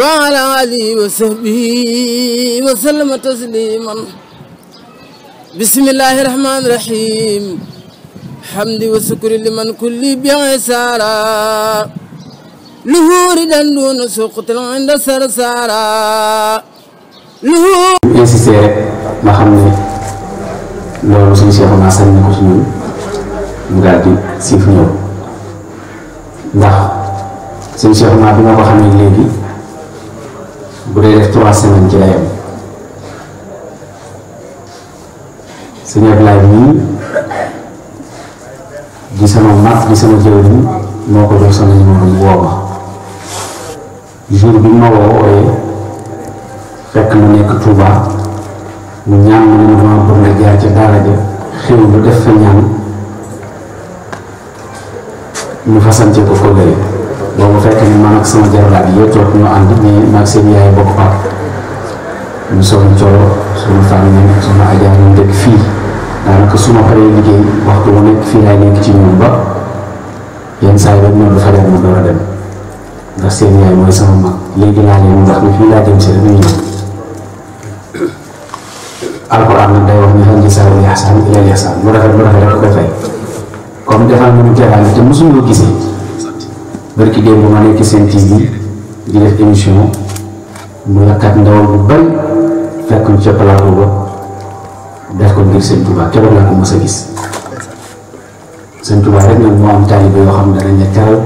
وعلى آله وصحبه وسلم تسليما بسم الله الرحمن الرحيم حمد وشكر لمن كل بعسارا لهور دون سقط عند سرسارا لهور insisté rek nga xam ne loolu suñu Cheikh naa sànni ko ci ñun mu daal di siif ñëw ndax suñu Cheikh naa bi ma ko xamee léegi bu dee def trois semaines ci layam sëñ Ablaye di sama mat di sama jëw bi moo ko jox sama numéro mu woo bi ma woo wooyee fekk ma nekk Touba ñaan ma ne ma bëgg nga jaar ca daara ja xew lu def fa ñaan ñu fasante ko ko lay boobu fekk ni man ak sama jarbaat yi toog ñu ànd mais maag seen yaay bokk paak ñu soxna Coro suñu famille ñu nekk soxna Adja ñu dëkk fii daanaka su ma paree liggéey waxtu bu nekk fii laay nekk ci ñoom ba yenn saa yi rek ñoom dafa dem ma door a dem ndax seen yaay mooy sama mag léegi laa leen wax ne fii laa dem si rek ñu ñëw alquran nag day wax ne lan jazaa'u l-ihsaan illa l-ihsaan lu rafet lu rafet rek ko koy fay comme defal nañu teraanga te mosuñu ko gisee. barki démb ma nekk seen TV di def émission mu lakkat ndawal bu bari fekk ñu ca plateau ba def ko ngir seen Tuubaa keroog a gis nag moo am taalibe yoo xam ne dañ la teral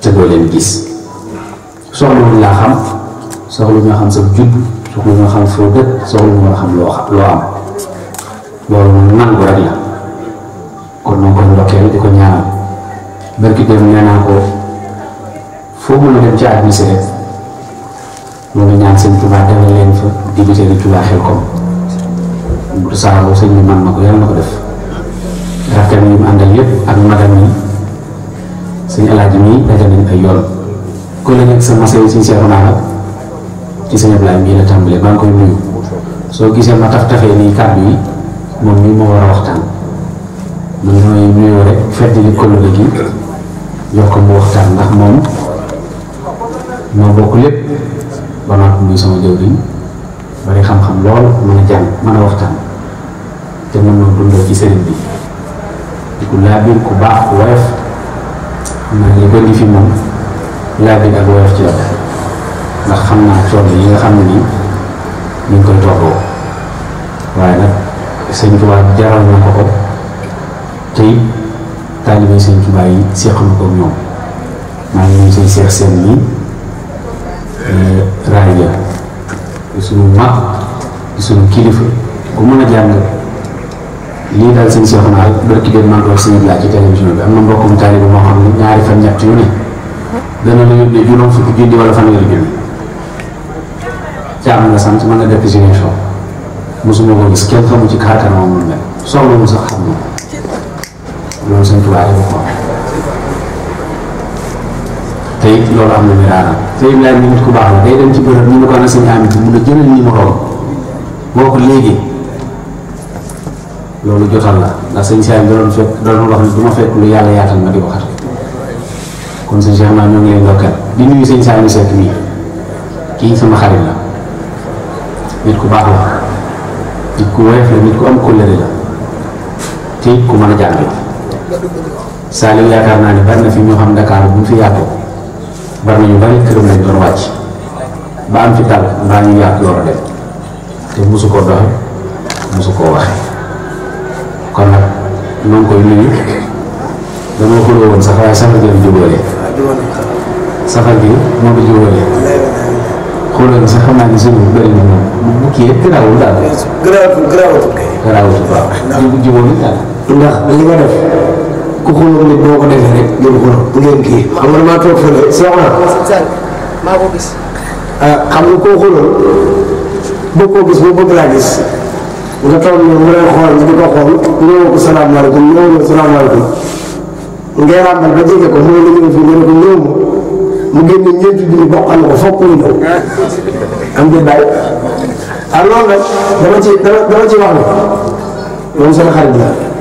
te doo leen gis soxla wuñ laa xam soxla ñoo xam sa jub soxla ñoo xam foo dëkk soxla ñoo xam loo xam loo am loolu moom nangu rek la kon noo koy ndokkeel di ko ñaanal bërki dem nee naa ko foo mën a dem ci àddina si rek moo ñaan sëñ Tuubaa defal leen fa dibité di Tuubaa xel kom bu saabu sëñ bi ko yàlla na ko def rakkam yi mu àndal yëpp ak magam yi sëñ alaaji mii daje nañ ay yoon ko la nekk sa masa yi sëñ la ci sëñ Ablaay mii la tàmbalee maa koy nuyu soo gisee ma taf tafee nii kàddu yi moom mii moo war a waxtaan man damay nuyoo rek fedd li kóllëre gi yokk mu waxtaan ndax moom ñoo bokk lépp ba noppi muy sama jëwriñ bari xam-xam lool mën a jàng mën a waxtaan te mën na dundal ci sëriñ bi di ko laabir ku baax ku woyof xam naa li bëri fi moom laabir ak woyof ci yow ndax xam naa coono yi nga xam ne nii ñu ngi koy toogoo waaye nag sëñ Tuubaa jaral na ko ko te taalibe sëñ Tuubaa yi seqal ko ñoom maa ngi nuyu sëñ Cheikh Sène mi suñu mag suñu kilifa bu mën a jàng lii daal sëñ Cheikh naal barki dem maa ngi wax sëñ Ibrahima ci télévision bi am na mbokkum taalibe moo xam ne ñaari fan ñett yu ne dana la yónnee juróom fukki junni wala fanweeri junni caam nga sant mën nga dëkk si région mosuma ko gis kenn xamu ci kàttan moom lu mel soxla mu sax xam nga. loolu suñ tubaab yi ko te loolu am na wéraanam te Ibrahima nit ku baax la day dem ci bërëb ñu ne ko ana sëñ amit mun a jëlal numéro boo ko léegi loolu jotal la ndax sëñ Cheikh da fekk da wax ne du ma fekk lu yàlla yaatal ma di waxat kon sëñ Cheikh maa ñoo ngi lay ndokkal di nuyu sëñ Saliou Seck nii kii sama xarit la nit ku baax la nit ku woyof la nit ku am kóllëre la te it ku mën a jàngale Saliou yaakaar naa ne bari na fi ñoo xam Dakar bu fi yàqu bari na ñu bari këram lañ doon wàcc ba am fi dal mbaa a dem te mosu koo doxe mosu ngi koy nuyu dañoo xuloo woon sax waaye safar gi gi moo ko xam naa ne suñu bëri na moom bu bukkee garaawul daal garaawul garaawul waaw ñu jubóole daal ndax li nga def ku xulóom nit boo ko defee rek ngeen xulóom ngeen kii xam nga damaa toog fële seexu na maa ko gis ah, xam nga koo xulóom boo koo gis boo bëgg laa gis nga toog ñoom mu lay xool di ko xool ñëwoo ko salaamaaleykum ñëwoo ko salaamaaleykum ngay ràmbal ba jege ko mooy la ñu fi nga ne ko ñëw mu génne ñeenti junni bokkal ko fokk ñu ñëw am nga bàyyi ah loolu nag dama ci dama ci wax ne moom seen xarit la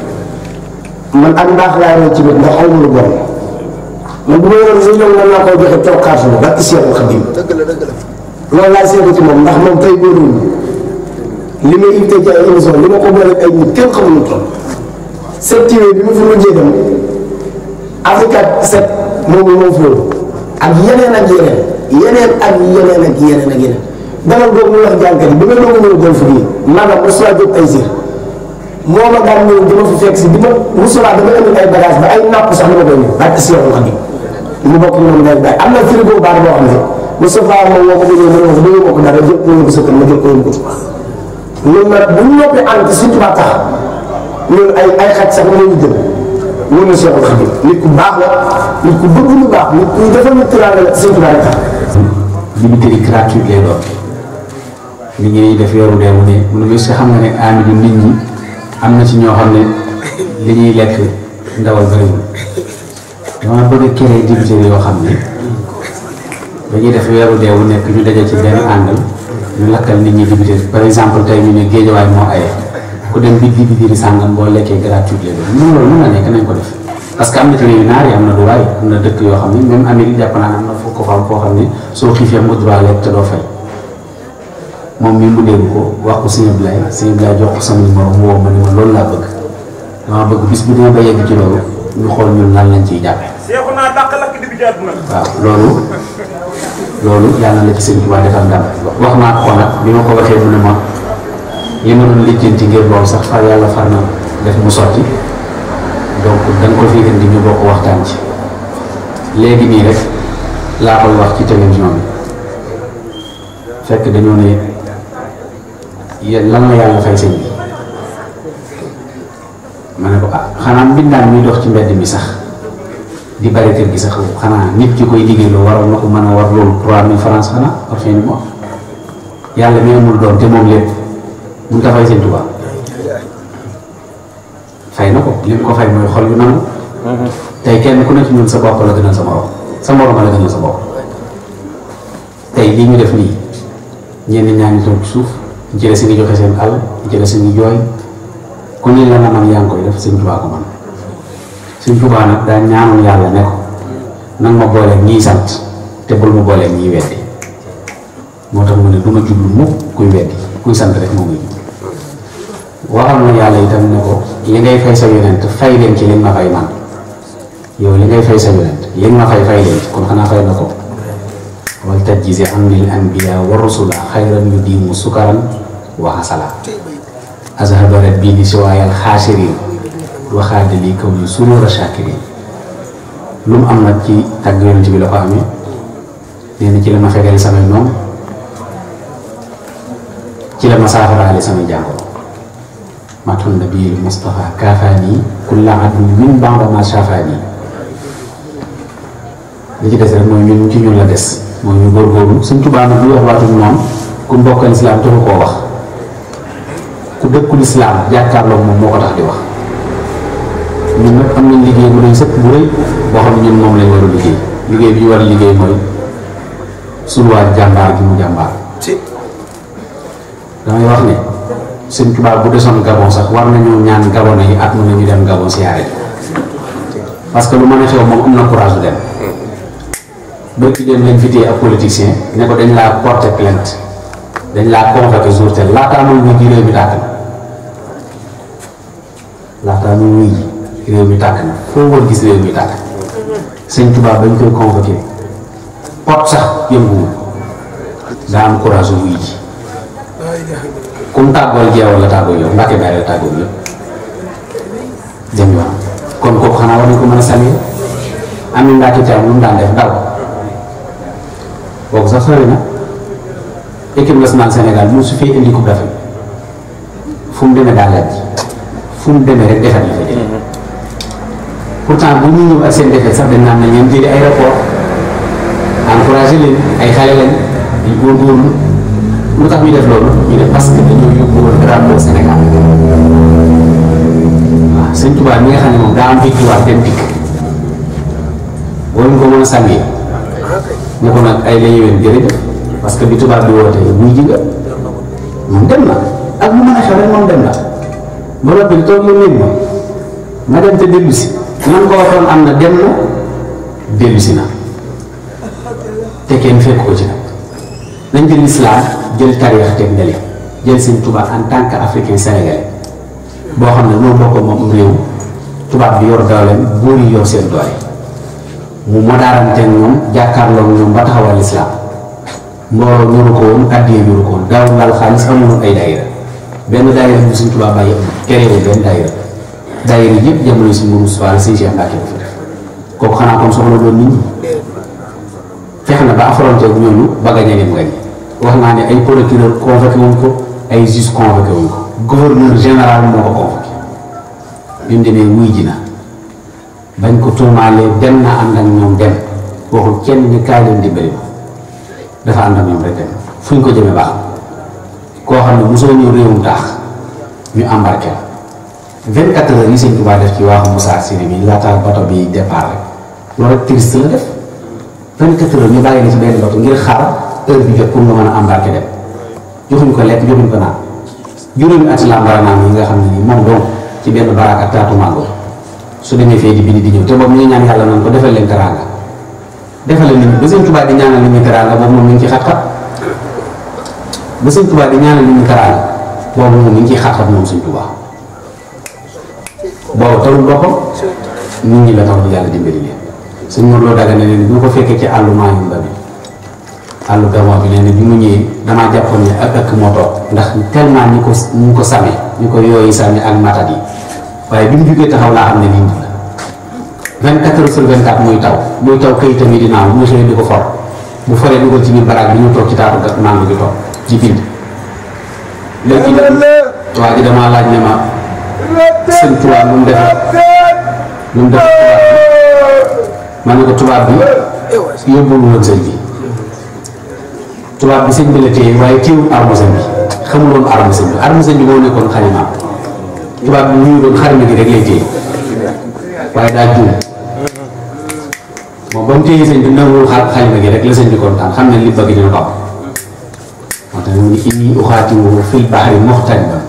man ak mbaax laa roy ci nit ndax xaw ma lu bon man bu ma yoroon si ñoom mën naa koy joxe toog kàttan ba ci Seexul Xadim loolu laa ci moom ndax moom tey li ma invité ci ay li ma ko boole ay nit kenn xamuñu toll sept TV bi mu fi mujjee dem Africa 7 moom moo fi ak yeneen ak yeneen yeneen ak yeneen ak yeneen ak yeneen dama doog mu wax jànkat yi bi ma doog a ñëw Golf bi maanaam Ousmane Diop ay moo a daan ñëw dama fi fekk si bi ma musulaa dama indi ay bagage ba ay napp sax li ma koy ñëw bàcc si yow xam ñu bokk ko bëggee mën ma bu ñu noppee ànd surtout ku baax la nit ku bëgg baax nit ku defal nit tiraanga la surtout ba tax li mu tëri gratuit lay doon li ngay def yoru deewu ne lu muy si am na ci ñoo xam ne li ñuy lekk ndawal bëriwul dama bëgg créer député yoo xam ne ba ñuy def weeru dee wu nekk ñu daje ci benn àndal ñu lakkal nit ñi député par exemple tey ñu ne géejawaay moo aye ku dem bi bi bi di sàngam boo lekkee gratuite lay doon mën loolu na nekk nañ ko def parce que am na ci réew naar yi am na droit am na dëkk yoo xam ne même Amérique jàpp naa am na foo ko fa foo xam ne soo xiifee mu droit lekk te doo fay moom mii mu dégg ko wax ko sëñ Ablaye jox sama numéro mu woo ma loolu laa bëgg dama bëgg bis bu dee ba yegg ci loolu ñu xool ñun lan lañ ciy jàppe waaw loolu loolu yàlla na ci sëñ Tuubaa defal ndam wax naa ko nag bi ma ko waxee mu ne ma li ma doon lijjanti ngir loolu sax far yàlla far na def mu sotti donc da nga ko fi indi ñu bokk waxtaan ji léegi nii rek laa koy wax ci télévision bi fekk dañoo ne lan la yàlla fay sëñ bi ma ko ah xanaa mbindaan mi dox ci mbedd mi sax di bari kër gi sax xanaa nit ki koy liggéey waroon na ko mën a war loolu 3000 francs xanaa par fin du mois yàlla mi amul doom te moom lépp mun ta fay sëñ fay na ko li ko fay mooy xol yu nangu tey kenn ku ne ci ñun sa bopp la gënal sa morom sa morom la gënal sa bopp tey lii ñu def nii ñenn ñaa toog suuf jële si ngi joxe seen àll jële si ngi jooy ku ne la man yaa ngi koy def sëñ Tuubaa ko man sëñ Tuubaa nag daa ñaanoon yàlla ne ko nag ma boole ñii sant te bul ma boole ñii weddi moo tax mu ne du jublu mukk kuy weddi kuy sant rek moo ngi jublu waxoon na yàlla itam ne ko li ngay fay sa yonent fay leen ci li ma fay man yow li ngay fay sa yonent li ma fay fay leen kon xanaa fay na ko wal tajzi amril anbiya wa rusula xayran yu diimu sukaran wa xasala azhaba rabbi ni siwaayal xaasirin waxaade li kaw yu surura shakirin lu mu am nag ci tàgg yonent bi la ko amee nee ci la ma fegale samay noonu ci la ma saafaraale samay jàngoro matun nabiyil kaafaani kulla adun min ba'da ma shafaani li ci des rek mooy ñun ci ñun la des mooy ñu góorgóorlu suñ tubaab nag lu wax waatu moom ku mbokk lislaam taxu koo wax ku dëkkul lislaam jàkkaarloo moom moo ko tax di wax ñun nag am nañ liggéey bu doy xam ne moom lañ war a liggéey bi war a liggéey mooy sulwaat jàmbaar gi mu jàmbaar damay wax ne sax war nañoo ñaan Gabon mu ne Gabon siyaare parce que lu mën moom am na courage dem bëgg dem lañ fi téye ak politicien ne ko dañ laa porté plainte dañ laa convoqué jour tel laataa muy ji réew mi tàkk na foo war gis réew mi tàkk sëñ Tuubaa bañ koy convoqué pot sax yënguwul daa am courage wuy ji comme tàggoo jeewal la tàggoo yow Mbàkke Baay la tàggoo yow dem kon kooku xanaa war nañ ko mën a sànni am na Mbàkke Caam lu mu daan def daw kooku sax sori na équipe nationale Sénégal moom su fee indi coupe d'Afrique fu mu demee daa laaj fu mu demee rek defet la fa jëlee pourtant bu ñu ñëw ak seen defet sax dañ naan na ñoom jëli ay rapport leen ay xale lañ di góorgóorlu lu tax ñu def loolu ñu def parce que dañoo yóbbu woon mi nga xam ko mën a sàmmee mu ko nag ay la yéwén jërëjëf parce que bi tubaab bi wootee wuy ji nga man dem na ak mu mën rek moom dem na borom bi toog la néeg ma dem te dellu si man ko waxoon am na dem na dellu na te kenn fekk ko ci nag nañ jël islam jël tariix teg ndale jël seen tubaab en tant que africain boo xam ne noonu boo ko moom réew tubaab bi yor dooleem buur yi yor seen doole mu modaaram teg ñoom jàkkaarloog ñoom ba taxawal islam mbooloo ñuru ko woon addiyee ñuru ko woon daaw laal xaalis amuloon ay daayira benn daayira bu suñ tubaab bàyyi keréwu benn daayira daayira yëpp jamono si mburum suwaal sëñ Cheikh Mbacke ba fa def kooku xanaa kon soxla doon nit fex na ba affronté ak ñooñu ba gañe lim gañe wax naa ne ay procureur convoqué wuñ ko ay juge convoqué ko gouverneur général moo ko convoqué bi mu wuy ji na bañ ko tuumaalee dem naa ànd ak ñoom dem waxul kenn ni kaay leen dimbali dafa ànd ak ñoom rek dem fu ñu ko jëmee baax koo xam ne mosoo ñëw réewum taax ñu embarqué la 24 heures def ci waaxu Moussa Siri bi laata bato bi départ rek loolu rek triste la def 24 heures ñu bàyyi la ci benn bato ngir xaar heure bi jot pour nga mën a embarqué dem joxuñ ko lekk joxuñ ko naan juróomi ati laa naan yi nga xam ne nii moom donc ci benn baraak ak taatu màngo su demee fee di bind di ñëw te boobu ñu ngi ñaan yàlla naan ko defal leen teraanga defal leen ba sëñ Tuubaa di ñaanal nit boobu moom mi ngi ci xat-xat ba sëñ Tuubaa di ñaanal nit ñi moom mi ngi boobu tawul boppam nit ñi la tax bu yàlla dimbali leen sëñ Mor loo daga ne leen bu ko fekkee ci àllu maayum ba bi àllu gamoo bi leen bi mu ñëwee damaa jàppoon ne ak ak moo toog ndax tellement ñi ko ñi ko same ñi ko yooyu same ak matat yi waaye bi mu jugee taxaw laa xam ne nii vingt quatre heures sur vingt quatre muy taw muy taw këyitam yi di naaw monsieur di ko for bu foree dugal ci biir baraag bi ñu toog ci taatu ga mango gi toog ci bind léegi waa ji damaa laaj ne ma sëñ tubaab lu mu def mu def ma tubaab bi yóbbul woon sëñ bi bi sëñ bi la téye waaye téewul arme sëñ bi xamuloon arme sëñ bi arme sëñ bi moo nekkoon xalimaam tubaab bi ñu doon xarima gi rek lay téye waaye daa juum moom ba mu téye sëñ bi xarima gi rek la sëñ bi kontaan xam ne li bëgg dina ko am moo tax mu ni inni uxaatimuhu fil bahri muxtariban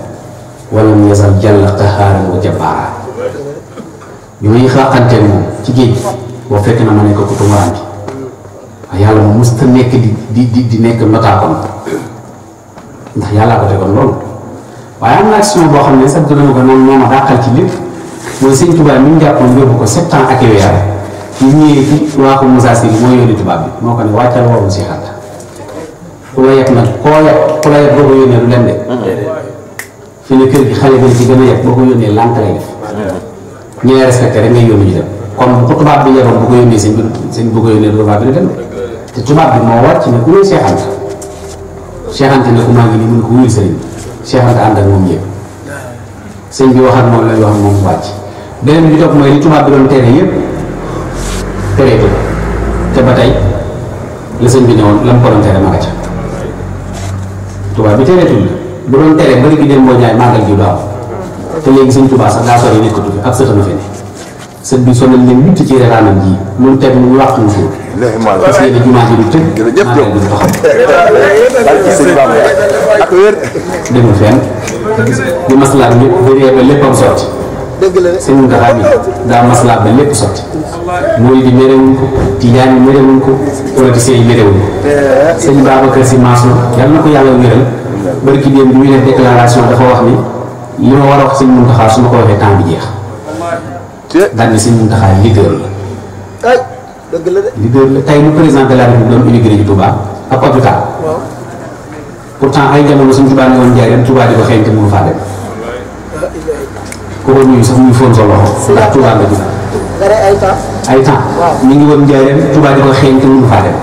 walam yazal jalla qahaaran wa jabbaara bi may xaqanteel moom ci géej boo fekk na ma nekk ko tumaraan bi waaye yàlla moom mosut a nekk di di di nekk notaakoon ndax yàllaa ko tegoon loolu waaye am na boo xam ne sax dina ko noonu moo ma dàqal ci lépp mooy sëñ tubaab mi ñu jàppoon yóbbu ko ko Moussa Sine moo ko ne wàccal woowu si xarit ku la yegg nag koo yegg ku la yegg ko yónnee lu de. fi ne bi ci gën a yegg boo ko yónnee lànk lay def. tubaab bi yeboon bu ko yónnee seen seen bu ko yónnee tubaab bi la dem te ku ñuy seexant seexante Cheikh Anta ànd ak bi wax ak moom lay wax moom wàcc beneen bi topp mooy li tubaab bi doon tere yëpp tereetu te ba tey la sëñ bi newoon la mu ko doon tere ma ca tubaab bi tereetul la bu doon tere bari gi dem boo ñaay màggal gi te léegi sëñ tubaab sax daa sori nekkatu fi ak sëtama fi sëñ bi sonal leen witt ci réewaanam ji loolu tey ñu wax ñu ko. parce que jumaa ji du tëj. jërëjëf Diop ak wér. demul fenn di maslaa ñëpp bëree ba léppam sotti. dëgg la sëñ Mountakha bi daa maslaa ba lépp sotti. mooy di merewuñ ko tijaan merewuñ ko politiciens yi merewuñ ko. sëñ Babacar Sy Mansour na ko yàlla wéral barki démb bi muy dafa wax ni li ma war a wax sëñ Mountakha su ma ko waxee temps jeex. daañu si ñun taxaay leader la. ay dëgg la de. leader la tey président de la République doon inauguré ji Touba ak hôpital. waaw pourtant ay jamono suñu Touba nga ngi woon Ndiarène Touba di ko xeeñ te mënu faa dem.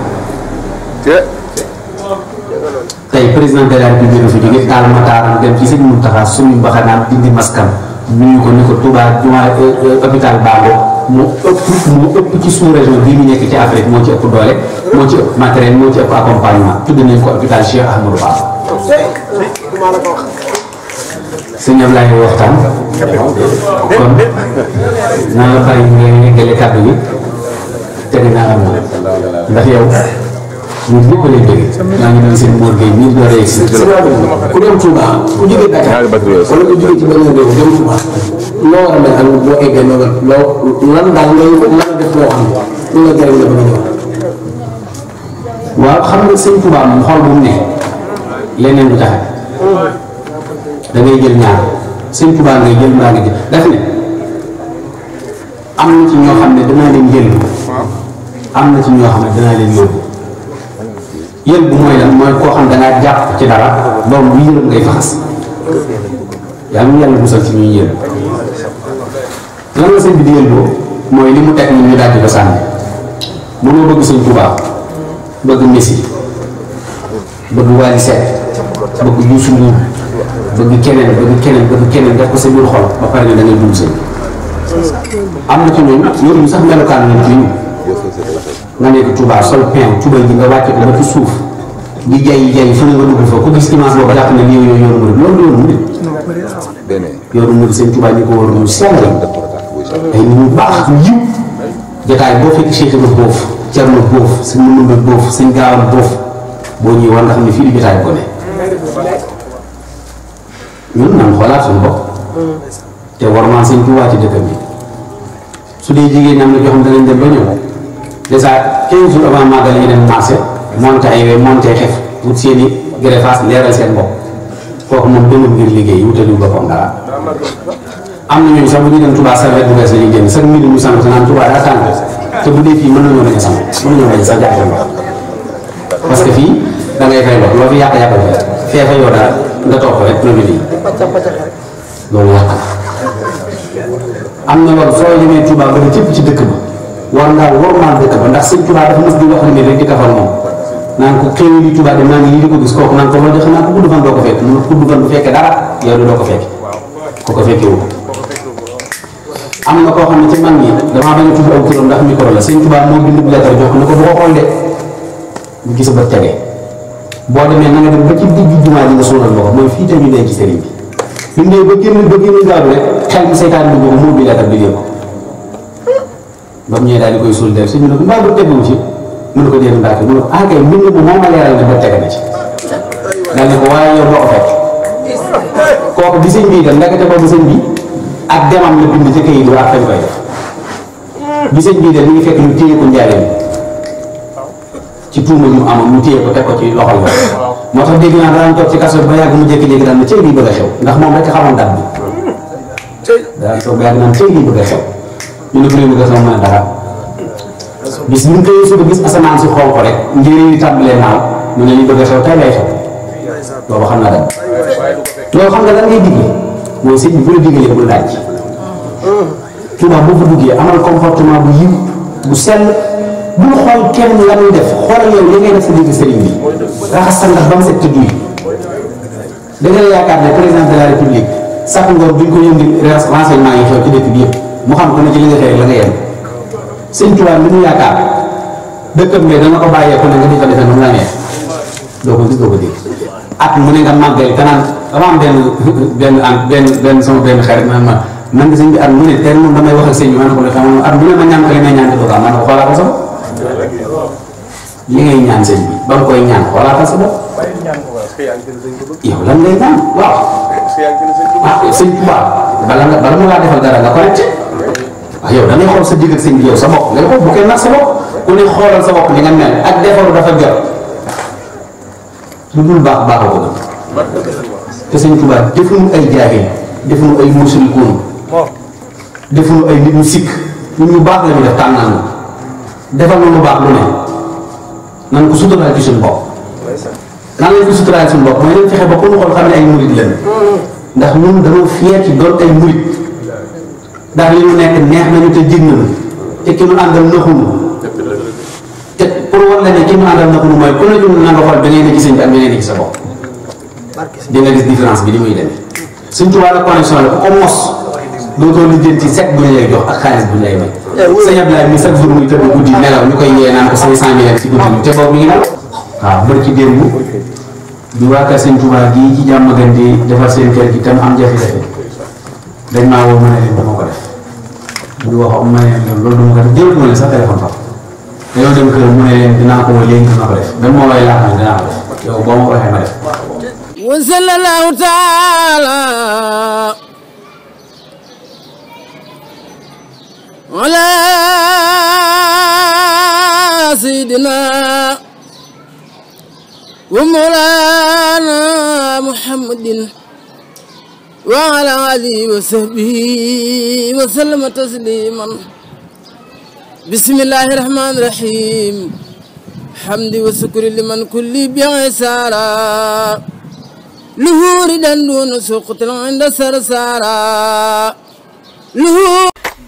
tey président de la République bi fi jógee taal ma dem ci sëñ Mountakha suñu mbaxanaam dindi maskam. nuyu ko ni ko Touba jumaa hôpital euh, euh, Bango moo ëpp moo ëpp ci sous région bii ñu nekk ci Afrique moo ci ëpp doole moo ci ëpp matériel moo ci ëpp accompagnement tudd nañ ko hôpital Cheikh Ahmadou Bamba. sëñ Ablaye waxtaan kon naa la bàyyi nga yeggale kàddu bi teg naa la moom ndax yow. ñun ñëpp lañ jógee maa ngi doon seen Mor Gueye ñu dooree si ku dem Touba ku jógee Dakar wala ku jógee ci beneen réew dem Touba loo war a mel ak boo eggee noonu loo lan daal ngay lan def loo xam ne lu la jëriñ la bëgg waaw xam nga sëñ Touba mu xool bu mu ne leneen lu tax da ngay jël ñaar sëñ Touba ngay jël mbaa nga jël daf ne am na ci ñoo xam ne danaa leen jël am na ci ñoo xam ne danaa leen yóbbu yël bu mooy lan mooy koo xam da ngaa jàpp ci dara doom bu yërëm ngay faxas yàlla na yàlla musal ci ñuy yërëm lan la sëñ bi di yëlboo mooy li mu teg ni ñu daal di ko sànni mënoo bëgg sëñ Tuubaa bëgg Messi bëgg Wally Seck bëgg Youssou Ndour bëgg keneen bëgg keneen bëgg keneen def ko sa biir xol ba pare ne da ngay dugg sëñ am na ci ñooñu yooyu sax melokaan nañ ci nga nekk Touba sol pain tubay ji nga wàcce ko ba ci suuf di jay jay fu ne nga dugg fa ku gis image boobu jàpp ne yow yow yoonu murid loolu yoonu murid yoonu murid seen Touba ñu ko war ñu sell ay nit ñu baax ñu yiw jotaay boo fekk Cheikh Ibra boof Thierno boof sëñ Mamadou boof sëñ Gaawam boof boo ñëwee war nga xam ne fii di jotaay ko ne ñun naan xoolaat suñu bopp te war maa sëñ Touba ci dëkkam bi su dee jigéen ñam na joxam danañ dem ba ñëw dèjà 15 jours avant màggal ñu dem marché monté ay we xef seen i greffage leeral seen bopp kooku moom demul ngir liggéey wutali boppam bu ñu dem Touba serviette bu bees la ñuy génn chaque minute ñu sant naan Touba daa tàng te bu a sant mën a sax jaaxle parce que fii da ngay fay loo fi yàq yàqal fee fee fa yow dara am na loolu soo demee Touba ba nga jëpp ci dëkk ba. war ngaa wormaal dëkk ba ndax sëñ Tuubaa dafa mos di wax ni nit rek di kafal moom naan ko xëy li Tuubaa de maa ngi lii di ko gis kooku naan ko loolu jox naa ko gudd ko fekk mu fekkee ko ko ko fekkee wu am na koo xam ne ci mag ñi damaa bañ a tudd aw turam ndax micro la sëñ Tuubaa moo bind lettre jox na bu ko gis ba tege boo demee na nga dem ba ci digg jumaa ji nga suunal ma ko mooy fii tamit nekk ci bi bi ba génn ba génn gaaw rek xel mi seytaan bi boobu moo bi lettre bi ko ba mu ñëwee daal di koy suul def si ñu ne ko mbaa bu teguwul ci mu ne ko déedéet mbaa ko mu ah kay mbind mi moom a leeral ne ba tege na ci daal ne ko waaye yow boo ko fekk kooku bi bii dem ndekete boobu sëñ bi bii dem ñu ngi fekk ñu téye ko njaareem ci tuuma ñu amoon ñu téye ko teg ko ci loxol la moo tax dégg naa daan toog ci kaso ba mu jékki-jékki daan na cëy bi bëgg a xew ndax moom rek xamoon dat bi daan toog cëy bi bëgg a xew ñu ne kuréel gu gas moom mën a bis bu ñu koy suba gis asamaan su xonq rek njëriñ yi tàmbalee naaw mu ne li bëgg a xew tey lay xew boobu xam na dara loolu xam nga lan ngay digle mooy sëñ bi bu la digalee bul laaj bu yiw bu sell bul xool kenn la muy def xoolal yow li ngay def digg sëriñ bi raxas sa ndax ba set te duy da yaakaar ne président de la république sax ngoor duñ ko yëngi renseignement yi xew ci dëkk bi mu xam ku ne ci li nga xëy la nga yem sëñ Tuubaa li mu yaakaar dëkkam ne dana ko bàyyee ku ne nga di ko defee nu mu la neex doo ko gis doo ko mu ne nga màggal te naan dama benn benn benn benn man ma de sëñ mu ne ma ñaan ko li may ñaan di ko am man li ngay ñaan sëñ ba nga koy ñaan xoolaatal sa bopp yow lan ngay ñaan waaw ah sëñ bala mu laa defal dara nga correct waaw ah, yow da xool sa digg ak sëñ sa bopp ngay xool bu kenn nag sa bopp ku ne xoolal sa bopp li nga mel ak defaru dafa jot lu dul baax baax a bëgg te sëñ Tuba ay jaahil ay musrikuun defuñu ay nit ñu sikk nit ñu baax def tànnal na lu baax lu ne nan ko suturaal ci suñu bopp nan lañ ko suturaal ci bopp mooy leen fexe ba ku ñu xool xam ne ay murit lañ mm-hmm. ndax ñun dañoo fier ci doon ay murit ndax li mu nekk neex nañu te jig nañu te ki mu àndal naxunu te pour war la ki mu àndal naxunu mooy ku la jumul na bi ngay ne ci li set bu ñu jox ak xaalis bu ñu may eh, sëñ Abdoulaye mi chaque jour muy tëdd guddi nelaw ñu koy yee naan ko cinq cent mille ci guddi ñu te boobu mi ngi nelaw waaw bër ci démb bi waa kër sëñ tubaab gii ci jàmm gën di defar seen kër gi tam am jafe-jafe dañ maa woo mën a leen ko def ñu wax am na loolu loolu dama ko def jël ma sax téléphone sax dañoo dem kër mu ne leen dinaa ko woo léegi dina ko def même moo lay laaj dinaa ko def yow boo ma ko waxee ma def. wa sallallahu taala ala sayidina wa mawlana muhammadin wa ala alihi wa sahbihi wa sallama tasliman bismillahi rahmani rahim hamdi wa sukri liman kulli biisara luhuri dan dunu suqtil inda sarsara luhuri